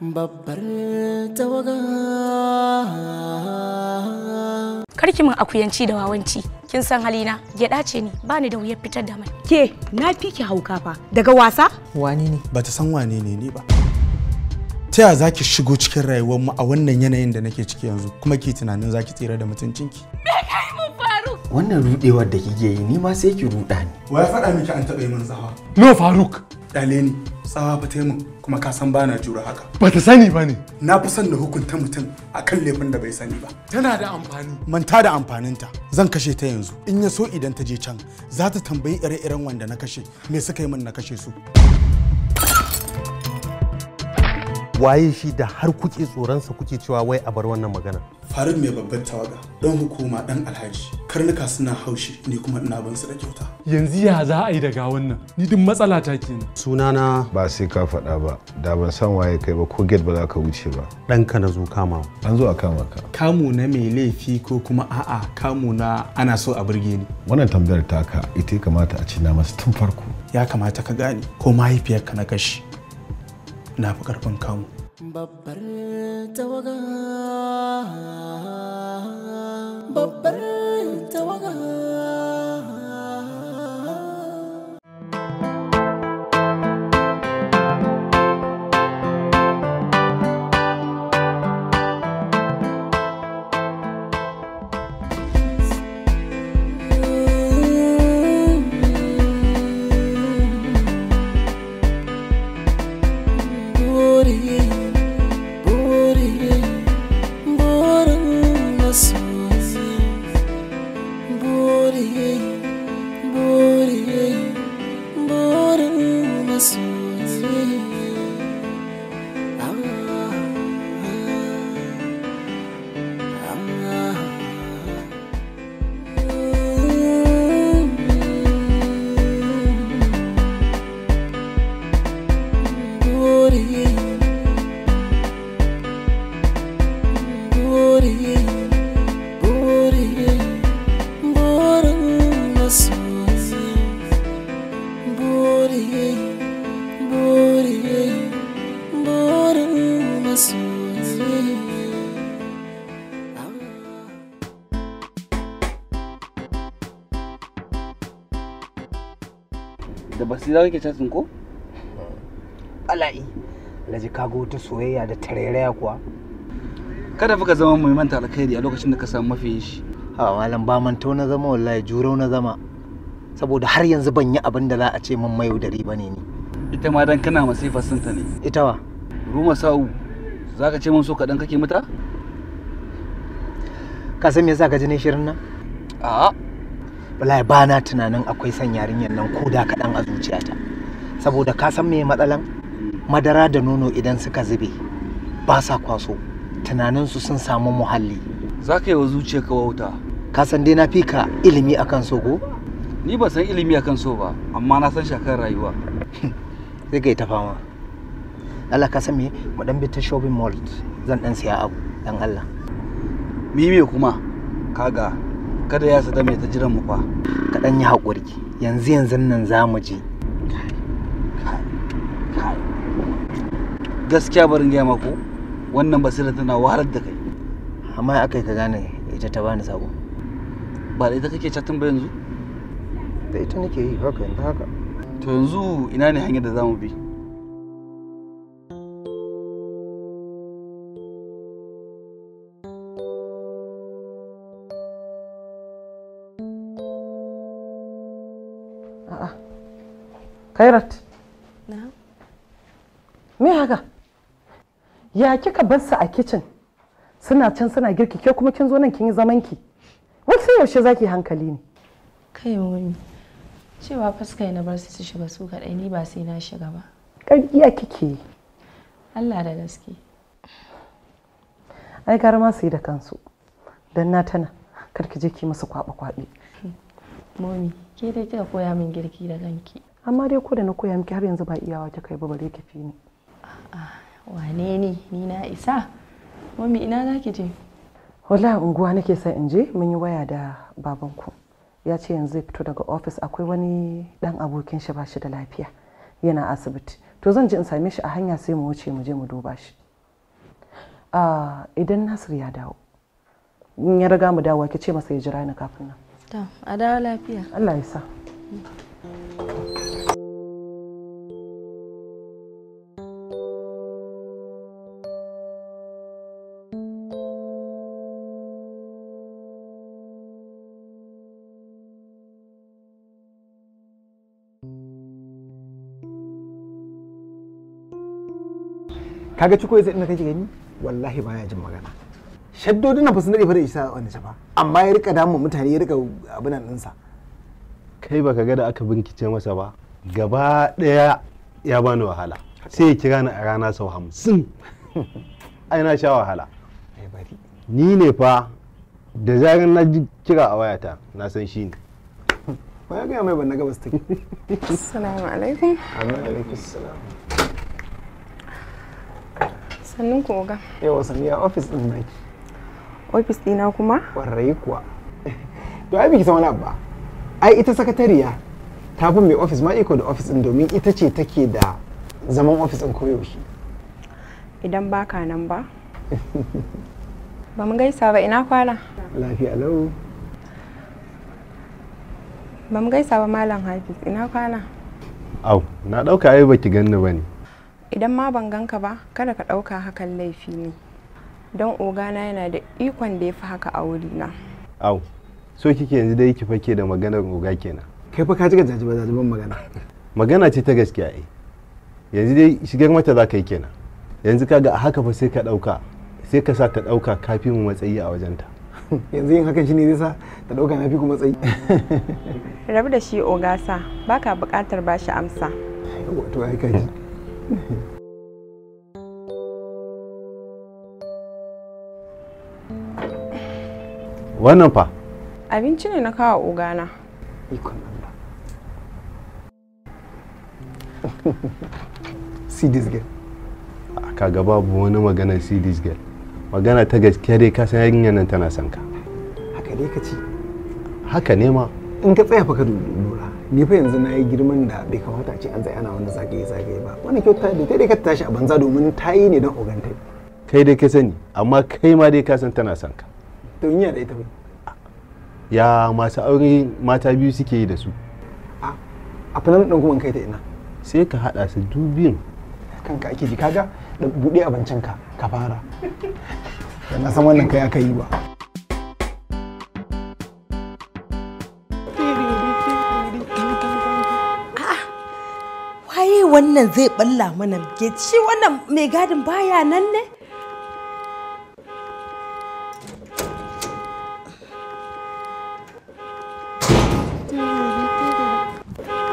babbar tawaga karki min akuyanci da wawanci kin san halina Gyada ce ni bani da wuyar fitar da mai ke na fi ki hauka fa daga wasa wani ne bata san wani ne ni ba ta yaya zaki shigo cikin rayuwar mu a wannan yanayin da nake ciki yanzu kuma ki tunanin zaki tsira da mutuncin ki? me kai mu faru wannan rudewar da kike yi ni ma sai ki ruda ni wa ya faɗa miki an taɓa yi min tsawa no faruk dale ni tsawa fa taimu kuma ka san bana jura haka ba ta sani ba ne na fi son da hukunta mutum akan laifin da bai sani ba tana da amfani manta da amfaninta zan kashe ta yanzu in ya so idan ta je can za ta tambayi ire-iren wanda na kashe me suka yi min na kashe su waye shi da har kuke tsoronsa kuke cewa wai a bar wannan magana farin mai babban tawaga dan hukuma dan alhaji karnuka suna haushi ne kuma ina ban su da kyauta yanzu ya za a yi daga wannan ni duk matsala ta kenan sunana ba sai ka faɗa ba da ban san waye kai ba ko gate ba za ka wuce ba ɗanka na zo kama an zo a kama ka kamu na mai laifi ko kuma a'a kamu na ana so a burge ni wannan tambayar taka ita kamata a ci na masu tun farko ya kamata ka gane ko mahaifiyarka na kashi na fi karfin kamu babbar tawaga babbar tawaga su bore bore bore da basira casin ko? ala'i laji kago ta soyayya da tarairaya kuwa kada fa ka zama mai manta alkhairi a lokacin da ka samu mafi shi malam ba manto na zama wallahi jurau na zama saboda har yanzu ban yi abin da za a ce min mayo dari bane ni ita ma dan kana masifar ta ne ita wa ruma sa'u zaka ce min so kaɗan kake mata ka san me yasa ka ji ne shirin nan a'a wallahi ba na tunanin akwai san yarinyar nan ko da kaɗan a zuciyata saboda ka san me matsalan madara da nono idan suka zube ba sa kwaso tunaninsu sun samu muhalli za ka yi wa zuciyarka wauta ka san dai na fi ka ilimi akan so ko ni ba san ilimi akan so ba amma na san shakar rayuwa sai kai ta fama Allah ka san me mu dan bi ta shopping mall zan dan siya abu dan Allah mi me kuma kaga kada ya sada mai ta jiran mu fa ka dan yi hakuri yanzu yanzu nan za mu je gaskiya barin gaya mako wannan basira tana wahalar da kai amma akai ka gane ita ta bani sako ba da ita kake chatin ba yanzu da ita nake yi haka yanzu haka to yanzu ina ne hanyar da zamu bi a'a kairat na'am me haka ya kika bar su a kitchen suna can suna girki ke kuma kin zo nan kin yi zamanki ki sai yaushe zaki hankali ne kai mummi cewa faskai na bar su su shiga su kaɗai ni ba sai na shiga ba ƙarƙiya kike Allah da gaske ai gara ma su yi da kansu don na tana karki je ki masu kwaɓa kwaɓe mami ke da kika koya min girki da kanki amma dai ko da na koya miki har yanzu ba iyawa ta kai ba bare ki fi ni wane ne ni na isa mami ina za ki je Wala unguwa nake sai in je mun yi waya da babanku ya ce yanzu zai fito daga ofis akwai wani dan abokin shi ba shi da lafiya yana asibiti to zan je in same shi a hanya sai mu wuce mu je mu duba shi ah, idan nasir ya dawo in ya riga mu dawo ki ce masa ya jira ni kafin nan a dawo lafiya Allah ya sa kaga ciko ya ina kake gani wallahi baya jin magana shaddodi na fasin dade fa da isa wani shafa amma ya rika damu mutane ya rika abin nan sa kai baka ga da aka binkice masa ba gaba daya ya bani wahala sai ya kira ni a rana sau hamsin ai na sha wahala ni ne fa da zarar na kira a wayata na san shi ne ba ya gaya mai ban na gabas take assalamu alaikum alaikum assalam hannun ku oga yawa a ofis din naki ofis dina kuma warrai kuwa to ai biki sama wani ai ita sakatariya ta fi mai ofis ma iko da ofis din domin ita ce take da zaman ofis din koyaushe idan baka nan ba ba mu gaisa ba ina kwana lafiya lau ba mu gaisa ba malam hafiz ina kwana au na dauka ai baki ganni ne idan ma ban ganka ba kada ka ɗauka hakan laifi ne don ogana yana da ikon da ya fi haka a wurina au so kike yanzu dai ki fake da maganar oga kenan kai fa ka ji gajaji ba zajiban magana magana ce ta gaskiya ai eh. yanzu dai shigar mata za ka yi kenan yanzu kaga a haka fa sai ka ɗauka sai ka sa ka ɗauka ka fi mu matsayi a wajenta yanzu yin hakan ne zai sa ta ɗauka na fi ku matsayi rabu da shi ogasa baka buƙatar shi amsa wato ai wannan fa abinci ne na kawo ogana ikon Allah see this girl ah, kaga babu wani magana see this girl magana ta gaskiya dai ka san yarinyar nan tana son ka haka dai ka ci haka ne ma in ka tsaya fa ka lura ni fa yanzu na yi girman da bai kamata ce an tsaya na wanda zagaye zagaye ba wani kyauta da ta dai ka tashi a banza domin ta yi ne don ogantai kai dai ka sani amma kai ma dai ka san tana son ka to in da ita ya masu aure mata biyu suke yi da su a a fanan ɗan kuma kai ta ina sai ka haɗa su dubin kanka ake ji kaga da buɗe abincin ka ka fara na san wannan kai aka yi ba wannan zai balla mana ke shi wannan mai gadin baya nan ne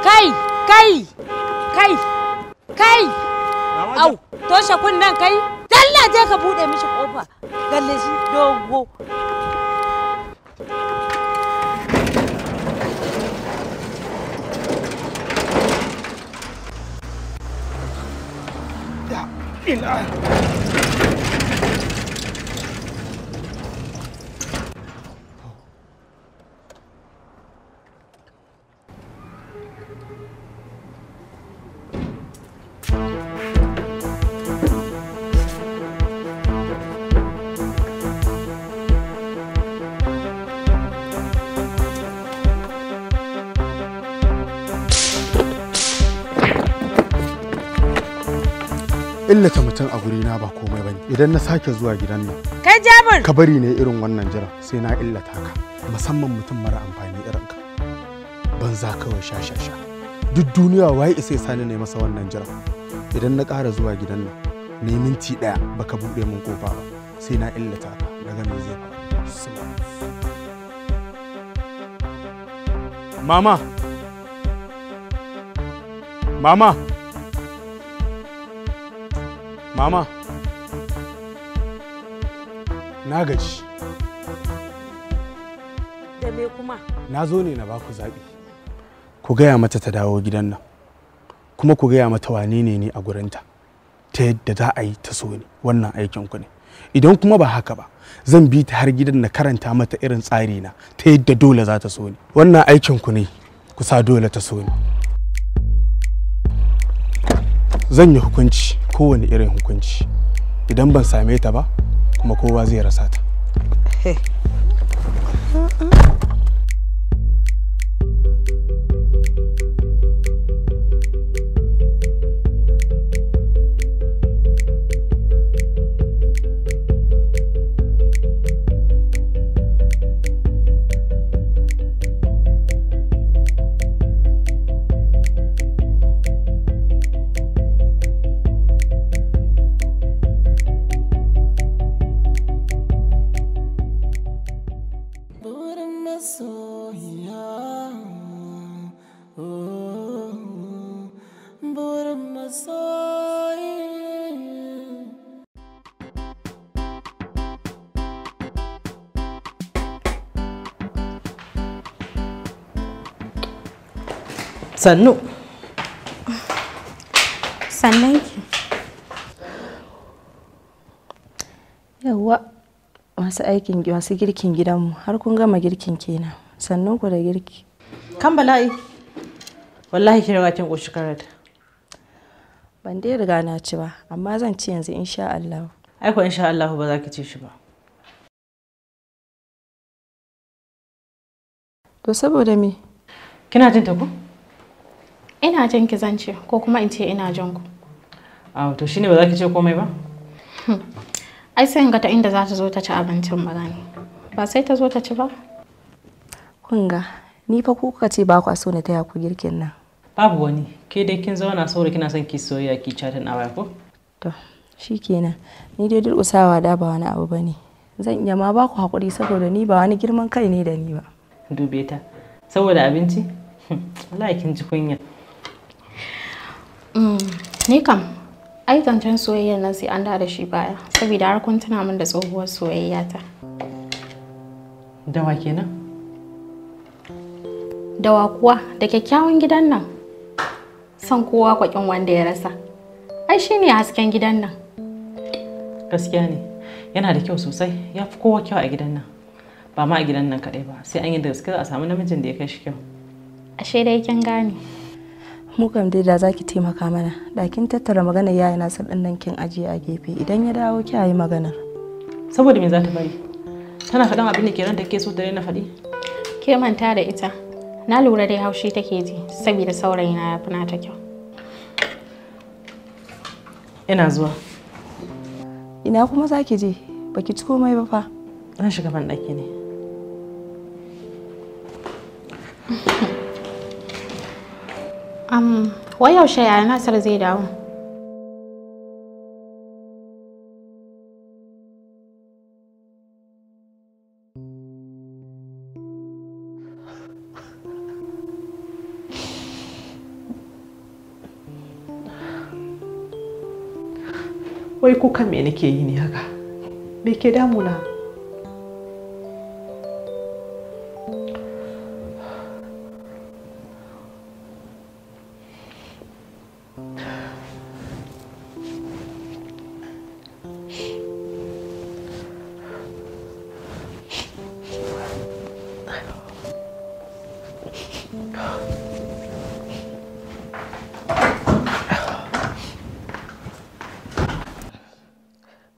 kai kai kai kai au toshe kunnen kai 应该 illata mutum a gurina ba komai bane idan na sake zuwa gidan nan kai jabir ka bari ne irin wannan jira sai na illata ka musamman mutum mara amfani irin ka banza kawai sha sha sha duk duniya wai isa ya sani ne masa wannan jira idan na ƙara zuwa gidan nan ne minti ɗaya baka buɗe min kofa ba sai na illata ka daga me zai faru mama mama Mama, na gaji. Da me kuma? Na zo ne na ba ku zaɓi. Ku gaya mata ta dawo gidan nan, kuma ku gaya mata wane ne ni a gurinta, ta yadda za a yi ta so ne wannan aikin ku ne. Idan kuma ba haka ba, zan bi ta har gidan na karanta mata irin tsari na ta yadda dole za ta so ne. Wannan aikin ku ne, ku sa dole ta so ne. zan yi hukunci kowane irin hukunci idan ban same ta ba kuma kowa zai rasa ta sannu sannan ki yawa masu aikin masu girkin gidanmu har kun gama girkin kenan sannan ku da girki kan bala'i wallahi ki rawa kin koshi karat ban dai riga na ci ba amma zan ci yanzu insha Allah ai ko insha Allah ba za ki ci shi ba to saboda me kina jin ta -hmm. ina jin ki zance ko kuma in ce ina jin ku a to shine ba za ki ce komai ba hmm. ai sai in ga ta inda za ta zo ta ci abincin magani ba sai ta zo ta ci ba kunga ni fa kuka ce ba ku so na taya ku girkin nan babu wani ke dai kin zauna saboda kina son ki soyayya ki chatin a ko to shikenan ni dai durƙusawa da ba wani abu bane zan iya ma ba ku hakuri saboda ni ba wani girman kai ne da ni ba dube ta saboda abinci hmm. wallahi kin ji kunya Mm. Ni kam, ai zancen soyayyar nan sai an da da shi baya, saboda har kun tuna min da tsohuwar soyayya ta. Dawa kenan? Dawa kuwa da kyakkyawan gidan nan. San kowa kwakin wanda ya rasa. Ai shi ne hasken gidan nan. Gaskiya ne, yana da kyau sosai, ya fi kowa kyau a gidan nan. Ba ma a gidan nan kaɗai ba, sai an yi da gaskiya a samu namijin da ya kai shi kyau. Ashe dai kin gane. mu dai da za ki taimaka mana ɗakin tattara magana yaya na san ɗin kin ajiye a gefe idan ya dawo ki yi magana. saboda me za ta bari tana faɗan abin da ke ranta ke so da na faɗi ke manta da ita na lura dai haushi take ji saboda saurayi na yafi nata kyau ina zuwa ina kuma za ki je baki ci komai ba fa na shiga ban ɗaki ne Um, wai yaushe yaya Nasir zai dawo? Wai kukan me nake yi ne haka? Me ke damuna?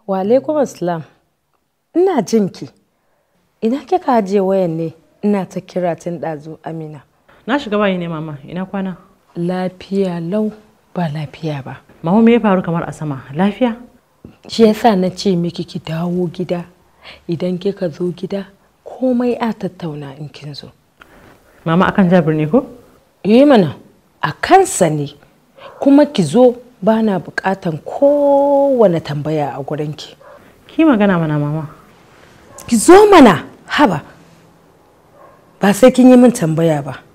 Walaikum Aslam, Ina jinki. Ina kika je wayan ne? Ina ta kira tun ɗazu Amina. Na shiga bayi ne mama, ina kwana? Lafiya lau. ba lafiya ba mahu me ya faru kamar a sama lafiya shi yasa na ce miki ki dawo gida idan kika zo gida komai a tattauna in kin zo mama akan jabir ne ko yi eh mana a kansa ne kuma ki zo ba na bukatan kowane tambaya a gurinki ki magana mana mama ki zo mana haba ba sai kin yi min tambaya ba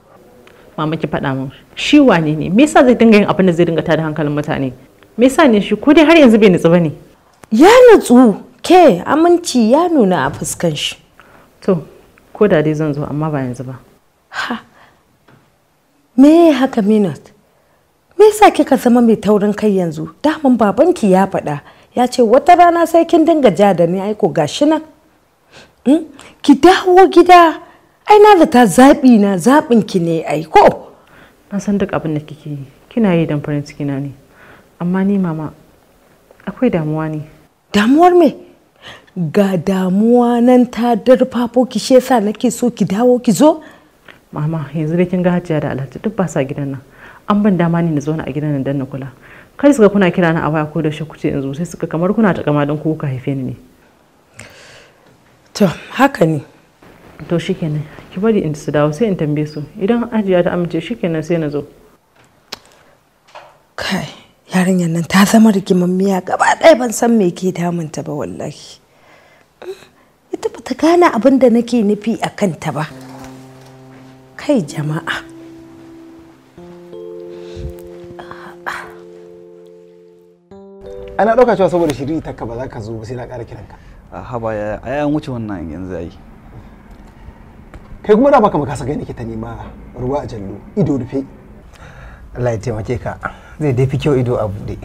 mama ki faɗa mun shi wane ne me yasa zai dinga yin abin da zai dinga tada hankalin mutane me yasa ne shi ko dai har yanzu bai nutsu bane ya nutsu ke aminci ya nuna a fuskan shi to ko da dai zan zo amma ba yanzu ba ha me haka minat me yasa kika zama mai taurin kai yanzu daman babanki ya faɗa ya ce wata rana sai kin dinga ja da ni aiko gashi nan hmm? ki dawo gida ai na zata zaɓi na zaɓin ki ne ai ko na san duk abin da kike yi kina yi dan farin ciki na ne amma ni mama akwai damuwa ne damuwar me ga damuwa nan ta darfafo ki shi yasa nake so ki dawo ki zo mama yanzu dai kin ga hajiya da alhaji duk ba sa gidan nan an ban dama ne na zauna a gidan nan dan na kula kai suka kuna kira na a waya ko da shi kuce yanzu sai suka kamar kuna ta kama don ku ka haife ni ne to haka ne to shikenan ki bari in su dawo sai in tambaye su idan ajiya ta amince shikenan sai na zo kai yarinyar nan ta zama miya gaba ɗaya ban san me ke damunta ba wallahi ita ba ta gane abin da nake nufi a kanta ba kai jama'a ana ɗauka cewa saboda shiri ta ka ba za ka zo ba sai na ƙara kiranka a haba ya an wuce wannan yanzu yi. kai kuma da baka maka gani nake ta nema ruwa a jallo ido rufe Allah ya taimake ka zai dai fi kyau ido a bude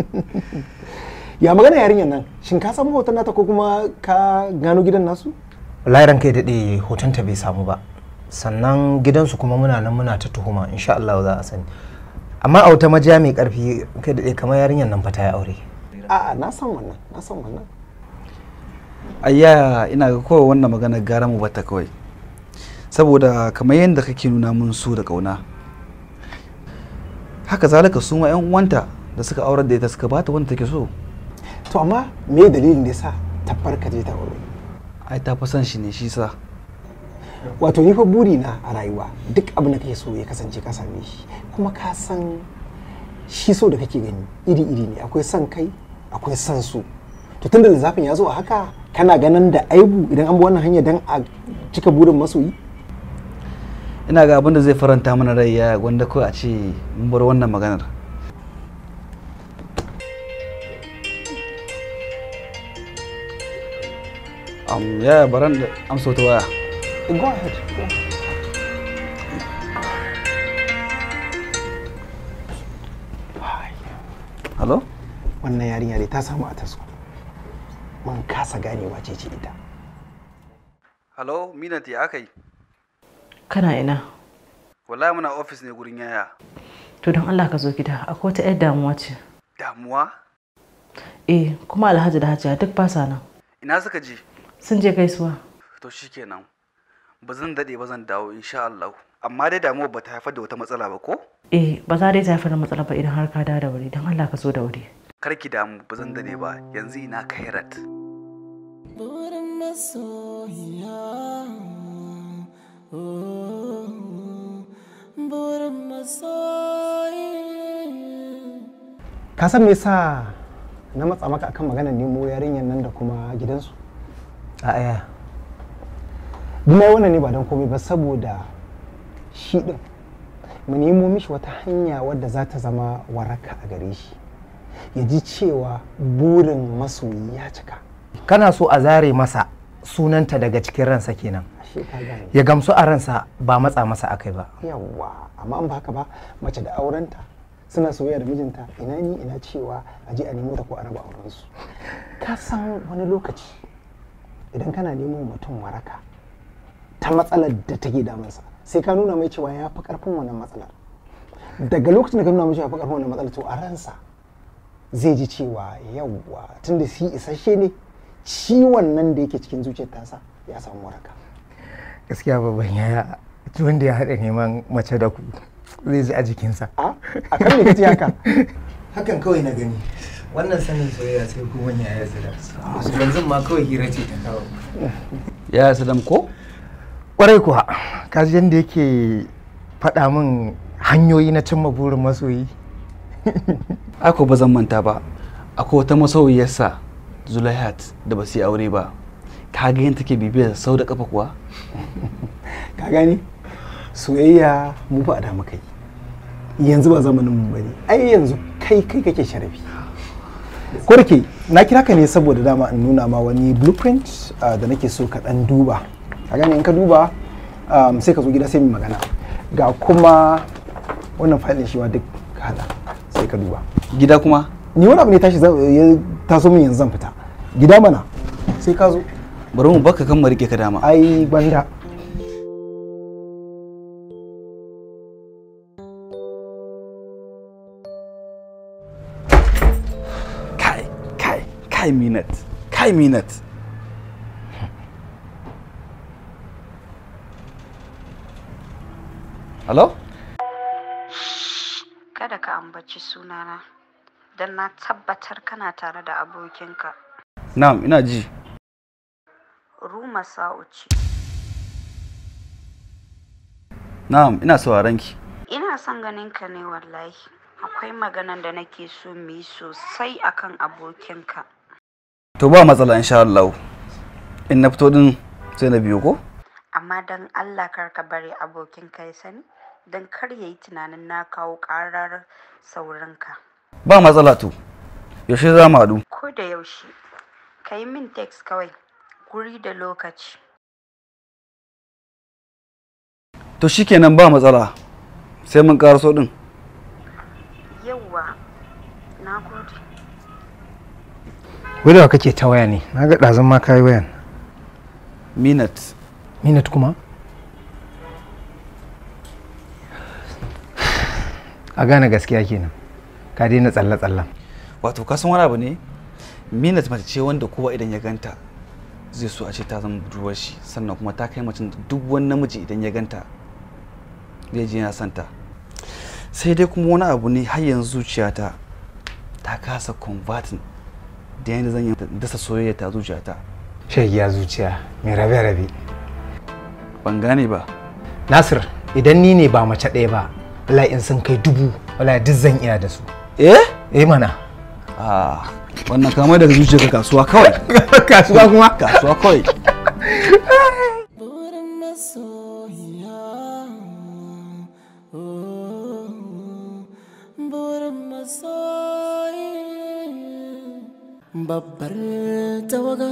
ya magana yarinyar nan shin ka samu hoton nata ko kuma ka gano gidan nasu wallahi ranka ya dade hoton ta bai samu ba sannan gidansu kuma muna nan muna ta tuhuma insha Allah za a sani amma a wata majiya mai karfi kai da kamar yarinyar nan fa ta yi aure a'a na san wannan na san wannan ayya ina ga kowa wannan magana gara mu bata kawai saboda kamar yadda kake nuna mun su da kauna haka zalika su ma yan uwanta da suka aurar da ita suka bata wanda take so to amma me dalilin da yasa ta farka je ta aure ai ta fa san shi ne shi sa wato ni fa buri na a rayuwa duk abin da kake so ya kasance ka same shi kuma ka san shi so da kake gani iri iri ne akwai son kai akwai son su to tunda da zafin ya zo a haka kana ganin da aibu idan an bi wannan hanya dan a cika burin masoyi ina ga abin da zai faranta mana rai ya wanda ko a ce mun bar wannan maganar um, yeah, baran da amsa ta waya go ahead hello wannan yarinya dai ta samu a tasko mun kasa gane wace ce ita halo minanti aka yi kana ina Wala muna ofis ne gurin yaya to don allah ka zo gida akwai wata 'yar damuwa ce damuwa eh kuma alhaji da hajiya duk ba sa nan ina suka je sun je gaisuwa to shikenan ba zan dade ba zan dawo insha Allah amma dai damuwa ba ta haifar da wata matsala ba ko eh ba za dai ta haifar da matsala ba idan har ka dawo da wuri don Allah ka zo da wuri kar ki damu ba zan dane ba yanzu ina kairat burin masoya oh, ka san me yasa na matsa maka akan maganar nemo yarinyar nan da kuma gidansu a aya kuma wannan ne ba don komai ba saboda shi din mu nemo mishi wata hanya wadda za ta zama waraka a gare shi ya ji cewa burin masoyi ya cika kana so a zare masa sunanta daga cikin ransa kenan ya gamsu a ransa ba matsa masa akai ba yawwa amma an baka ba mace da aurenta suna soyayya da mijinta ina ni ina cewa a je a nemo ta ko a raba aurensu ka san wani lokaci idan kana nemo mutum waraka ta matsalar da take sa sai ka nuna mai cewa ya fi karfin wannan matsalar daga lokacin da ka nuna mai cewa ya fi karfin wannan matsalar to a ransa zai ji cewa yawwa tunda shi isasshe ne ciwon nan da yake cikin zuciyar tasa ya samu waraka gaskiya babban yaya wanda ya haɗa neman mace da ku zai ji a jikinsa a kan ne kace haka hakan kawai na gani wannan sanin soyayya sai kuma ya wani zira su yanzu ma kawai hira ce ta kawo Ya yaya sadam ko kwarai kuwa kaji yadda yake faɗa min hanyoyi na cimma burin masoyi Ako ba zan manta ba, akwai wata masauyarsa Zulaihat da ba su yi aure ba. Ka ga yin take bibiyar sau da kafa kuwa? Ka gani? Soyayya mu ba da mu kai Yanzu ba zamanin mu bane. Ai yanzu kai kai kake sharafi. Ko na kira ka ne saboda dama in nuna ma wani blueprint ah, da nake so ka dan duba. Ka gani in ka duba ah, sai ka zo gida sai mu magana. Ga kuma wannan fa'ilin shi ma duk ka hada. ka duba gida kuma ni wani abu ne tashi ya taso min yanzu zan fita gida mana sai ka zo bari mu baka kan mu rike ka dama ai banda kai kai kai minat kai minat Hello? Kada ka ambaci sunana, don na tabbatar kana tare da abokinka. Na'am, ina ji. Ruma Sa'u ce. Na'am, ina sauraron ki. Ina son ganin ka ne wallahi. Akwai maganan da nake so mu yi sosai akan abokinka. To ba matsala insha Allah. In na fito din sai na biyo ko? Amma don Allah kar ka bari abokinka ya sani. don kar ya yi tunanin na kawo ƙarar saurinka. Ba matsala to, yaushe za mu haɗu? Ko da yaushe, ka yi min text kawai, guri da lokaci. To shi kenan ba matsala, sai mun ƙaraso ɗin. Yawwa, na gode. Gudawa kake ta waya ne, na ga ɗazan ma kayi wayan. Minat. Minat kuma? a gane gaskiya kenan ka daina tsalle tsallen wato kasan wani abu ne minat mace ce wanda kowa idan ya ganta zai so a ce ta zama budurwar shi sannan kuma ta kai mace duk wani namiji idan ya ganta zai ji yana santa sai dai kuma wani abu ne har yanzu zuciyata ta kasa convertin da yadda zan yi dasa soyayya ta zuciyata shagiya zuciya mai rabe-rabe ban gane ba nasir idan ni ne ba mace ɗaya ba wala in sun kai dubu wala duk zan iya da su eh eh mana ah wannan kamar daga ka kasuwa kawai kasuwa kuma kasuwa kawai oh, babbar tawaga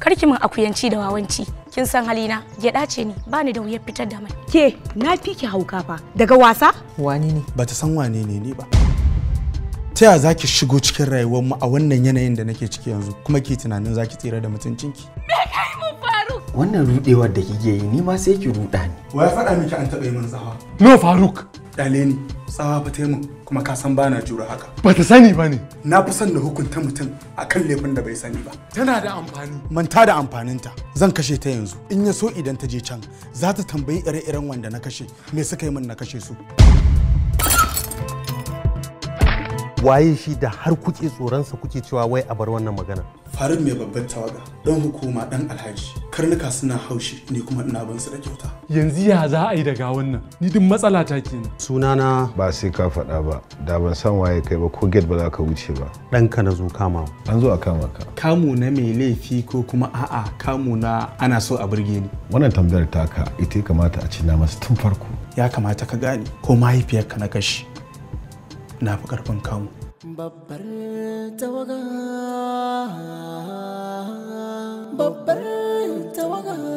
karki mun akuyanci da wawanci kin san halina gyaɗa ce ni ba ni da wuyar fitar da mai ke na fi ki hauka fa daga wasa wani ne ba ta san wani ne ni ba ta yaya zaki shigo cikin rayuwar mu a wannan yanayin da nake ciki yanzu kuma ke tunanin zaki tsira da mutuncinki me kai mu faru wannan rudewar da kike yi ni ma sai ki ruda ni wa faɗa miki an taɓa yi min tsawa no faruk dale ni tsawa fa taimu kuma ka san bana jura haka ba ta sani ba ne na fi son da hukunta mutum a kan laifin da bai sani ba tana da amfani manta da amfaninta zan kashe ta yanzu in ya so idan ta je can za ta tambayi ire-iren wanda na kashe me suka yi min na kashe su waye shi da har kuke tsoron sa kuke cewa wai a bar wannan magana farin mai babban tawaga dan hukuma dan alhaji karnuka suna haushi ne kuma ina ban su da kyauta yanzu ya za a yi daga wannan ni duk matsala ta Suna na. ba sai ka faɗa ba da ban san waye kai ba ko gate ba za ka wuce ba ɗanka na zo kama an zo a kama ka kamu na mai laifi ko kuma a'a kamu na ana so a burge ni wannan tambayar taka ita kamata a ci na masu tun farko ya kamata ka gane ko mahaifiyarka na kashi na fi karfin kamu babbar tawaga babbar tawaga